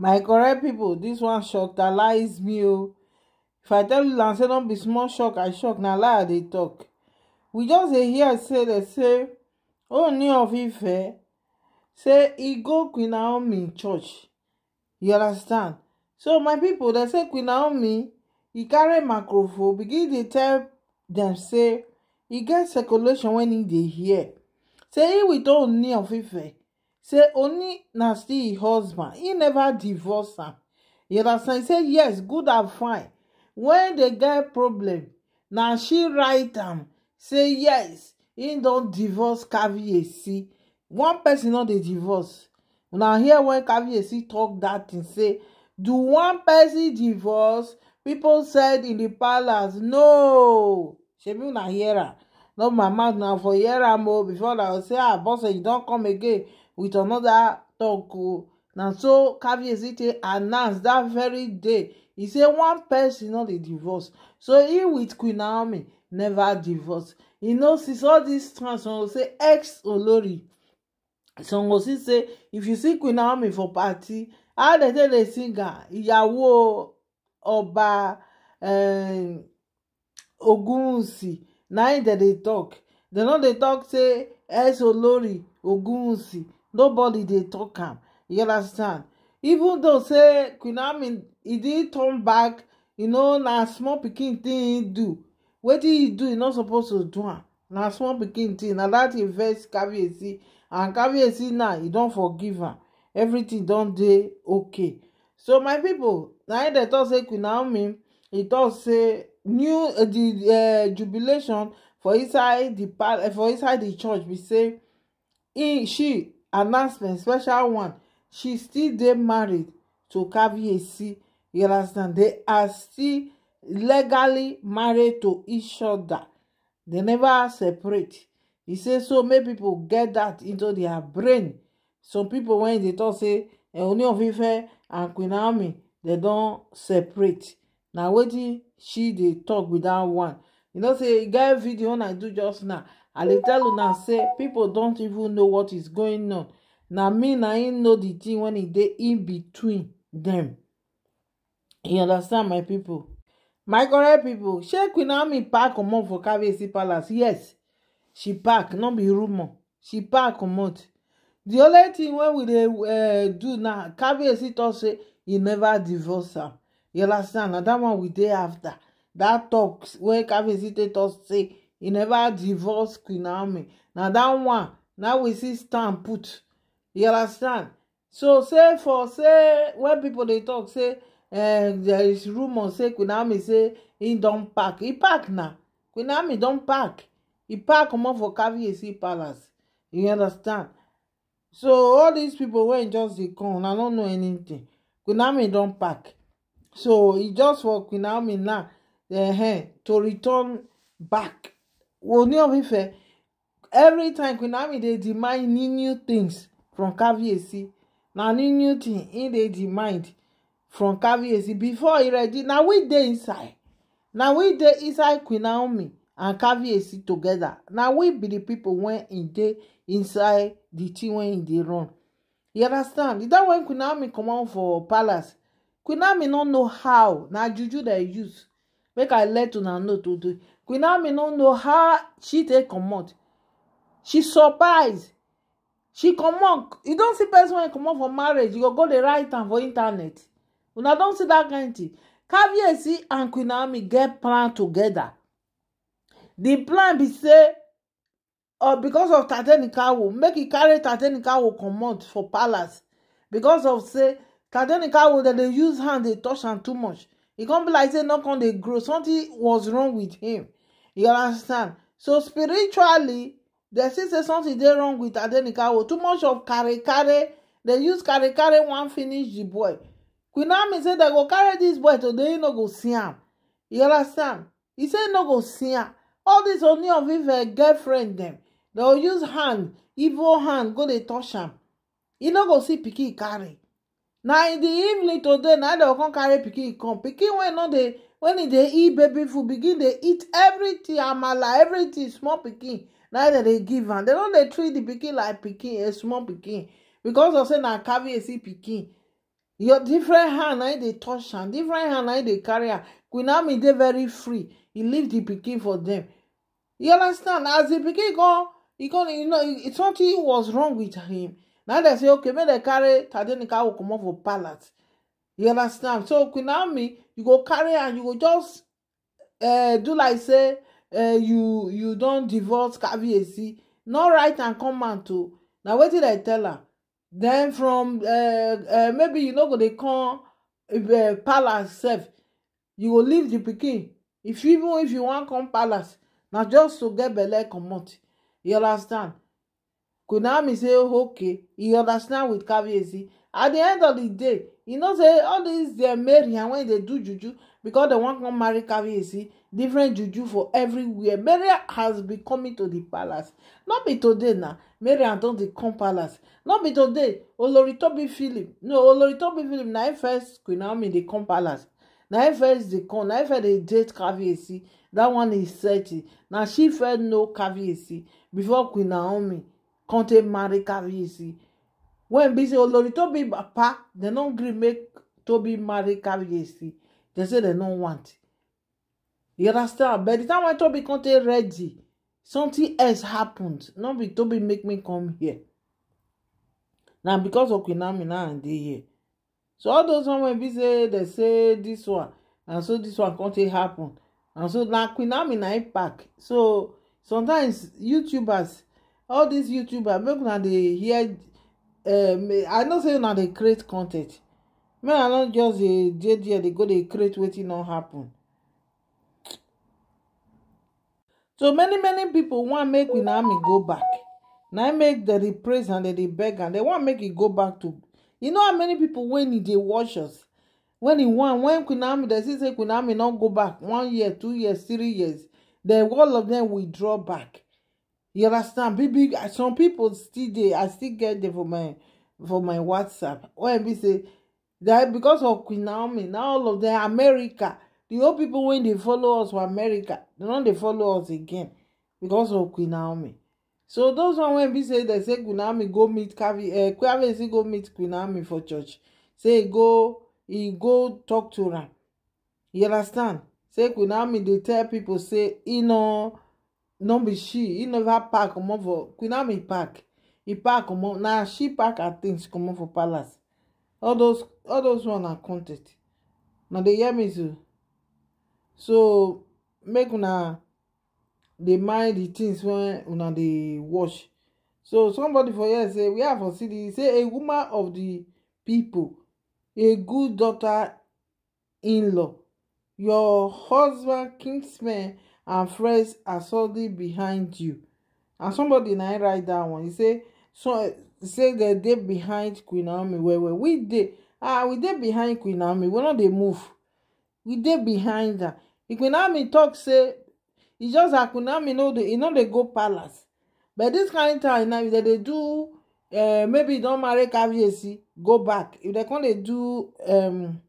my correct people, this one shock lies me oh. if i tell you say don't be small shock i shock now. lie they talk. we just dey hear say they say oh, new of ife say he go queen naomi church you understand so my people, they say queen naomi He carry microphone begin dey tell them say he get circulation when he dey hear say e with new of ife say oni na still im husband He never divorce am you understand say yes good and fine When dey get problem na she write am say yes he don divorce caviesi one person no dey divorce na here when caviesi talk that tin say do one person divorce People said in the palace no shebi una hear am no my mouth na for hear am o before na say ah boss you don come again with another talk o na so kabiyesi take announce that very day e say one person no dey divorce so he with queen naomi never divorce e no see all this trans some go say ex olori some go see say if you see queen naomi for party how dem take dey sing am ìyàwó Oba um, eh, ogunwusi na im dem dey talk dem no dey talk say ex olori ogunwusi nobody dey talk am you understand even though say queen army e didn't turn back you know na small pikin thing e do wetin he do He no suppose to do am na small pikin tin na dat e vex caviarcy and caviarcy now he don forgive am everything don dey okay so my people, na im dey tok say queen naomi e tok say new di eh, eh, jubilation for inside di eh, for inside the church be say he she announcement special one she still dey married to Kabiyesi you understand they are still legally married to each other they never separate He say so make people get that into their brain some people when they talk say eh, Ooni of Ife and Queen Naomi dem don separate na wetin she dey talk with that one you know say e get video I e do just now i dey tell una say people don't even know what is going on na me na him know the thing when e dey in between them. you understand my people, my correct pipo shey queen army pack comot for caviarcy palace yes she pack no be rumour she pack comot The only thing wey we dey eh, do na caviarcy tok say he never divorce am you understand na that one we dey after that tok wey caviarcy take tok say He never divorced queen naomi na dat one now we see stamp put you understand so say for say when people they talk say eh, there is rumour say queen naomi say he don't pack He pack now. queen naomi don pack He pack more for caviarcy palace you understand so all these people when just dey come i don't know anything. queen naomi don pack so he just for queen naomi now uh, eh, eh, to return back Ooni of Ife every time Queen Naomi dey demand new new things from Kabiyesi na new new thing im dey demand from Kabiyesi before e ready na we dey inside na we dey inside Queen Naomi and Kabiyesi together na we be the people wey e dey inside the thing wey e dey run you understand the time when Queen Naomi comot for palace Queen Naomi no know how na juju dem use make i let una know to do queen naomi no know how she take comot she surprise she comot you don't see person wey comot for marriage you go go the right am for internet una don't see that dat kain thing kabiyesi and queen naomi get plan together The plan be say uh, because of tadenikawo make e carry tadenikawo comot for palace because of say tadenikawo that they use hand they touch am too much It e come be like say not e no come grow something was wrong with him You understand? So spiritually, they still something dey wrong with Adenikawo. Too much of carry carry. They use carry carry one finish the boy. Queen Naomi say they go carry this boy today, no go see him. You understand? He said no go see him. All this Ooni of Ife girlfriend them. They go use hand, evil hand, go dey touch him. He no go see pikin carry. Now in the evening today, now they go come carry pikin come. Pikin wey no the. When e dey eat baby food begin dey eat everything amala everything small pikin na dem dey give am dem no dey treat the pikin like pikin a small pikin because of say na caviarcy pikin your different hand na e dey touch am different hand na e dey carry am queen ami dey very free e leave the pikin for dem you understand as the pikin go e go you know something was wrong with him na dem say okay make dem carry tadenika comot for palace you understand so queen naomi you go carry and you go just uh, do like say uh, you you don't divorce kabiyesi not write and come out Now what did i tell her? then from uh, uh, maybe you know go they come uh, palace sef you go leave the pikin if even if you want come palace now just to get belle comot you understand kunami say okay You understand with kabiyesi at the end of the day you know say all these dem marry when they do juju because they wan come marry See, different juju for everywhere Maria has been coming to the palace no be today na Maria don dey come palace no be today oloritobi philip no oloritobi philip na im first queen naomi dey come palace na im first dey come na im first dey date See, that one is thirty na she first know See, before queen naomi come take marry See wen be say olori tobi papa dem no gree make tobi marry kabiyesi dem say dem no want you understand but the time when tobi come take ready something else happened no be tobi make me come here na because of queen naomi na i dey here so all those one wey be say dem say this one and so this one come take happen and so na queen naomi na im pack so sometimes youtubers all these youtubers make una dey hear Um, i know say una dey create content make i not just dey dey there they go dey create waiting not happen so many many people want make queen army go back Now im make the dey praise and dem dey beg and dem wan make it e go back to you know how many people when e dey watch us when he want when queen army dem see say queen army no go back one year two years three years Then all of them withdraw back you understand big big some people still they, i still get them for my for my whatsapp when we say that because of queen naomi now all of dem america the old people when they follow us for america dem no dey follow us again because of queen naomi so those one when we say they say queen naomi go meet kavi kwavesi eh, go meet queen naomi for church say go he go talk to her. you understand say queen naomi they tell people say you know no be she e never pack comot for queen ami pack e pack comot na she pack her things comot for palace all those all those one na content na dey hear me so so make una dey mind the things wey una dey watch so somebody for here say we have for city. say a woman of the people a good daughter in law your husband kinsman and friends are suddenly behind you and somebody na write that one he say so say dem dey behind queen naomi Where where we dey ah we dey behind queen naomi we not they move we dey behind her queen naomi talk say he just that queen naomi know they, e no dey go palace but this kind of time now if they do uh, maybe e don't marry kvac go back if they come they do um,